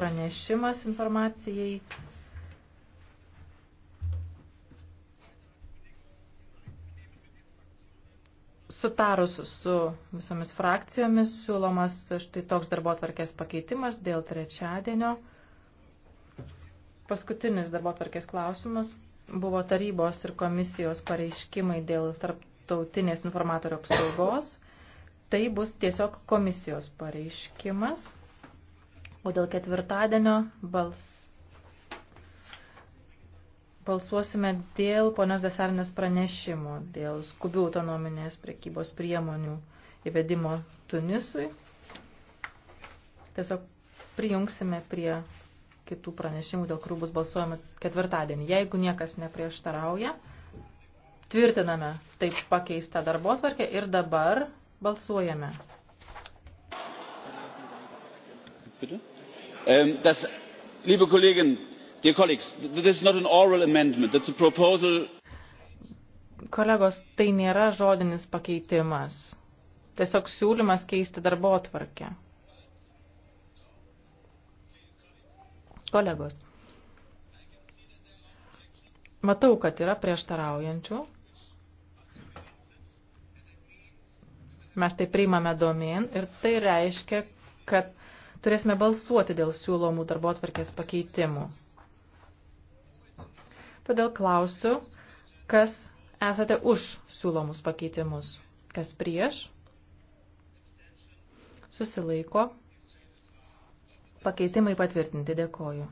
pranešimas informacijai. Sutarus su visomis frakcijomis siūlomas štai toks darbo atvarkės pakeitimas dėl trečiadienio. Paskutinis darbo atvarkės klausimas buvo tarybos ir komisijos pareiškimai dėl tarptautinės informatorių apsaugos. Tai bus tiesiog komisijos pareiškimas. O dėl ketvirtadienio bals... balsuosime dėl ponios Desarnės pranešimo, dėl skubių autonominės prekybos priemonių įvedimo Tunisui. Tiesiog prijungsime prie kitų pranešimų, dėl kurių bus balsuojama ketvirtadienį. Jeigu niekas neprieštarauja, tvirtiname taip pakeistą darbo tvarkę ir dabar balsuojame bitte? Um, das, liebe Kollegen, dear colleagues, this is not an oral amendment, that's a proposal. Kolegos, tai nėra žodinis pakeitimas. Tiesiog siūlymas keisti darbo atvarkę. Kolegos, matau, kad yra prieštaraujančių. Mes tai priimame domėn ir tai reiškia, kad turėsime balsuoti dėl siūlomų darbo atvarkės pakeitimų. Todėl klausiu, kas esate už siūlomus pakeitimus, kas prieš, susilaiko, pakeitimai patvirtinti, dėkoju.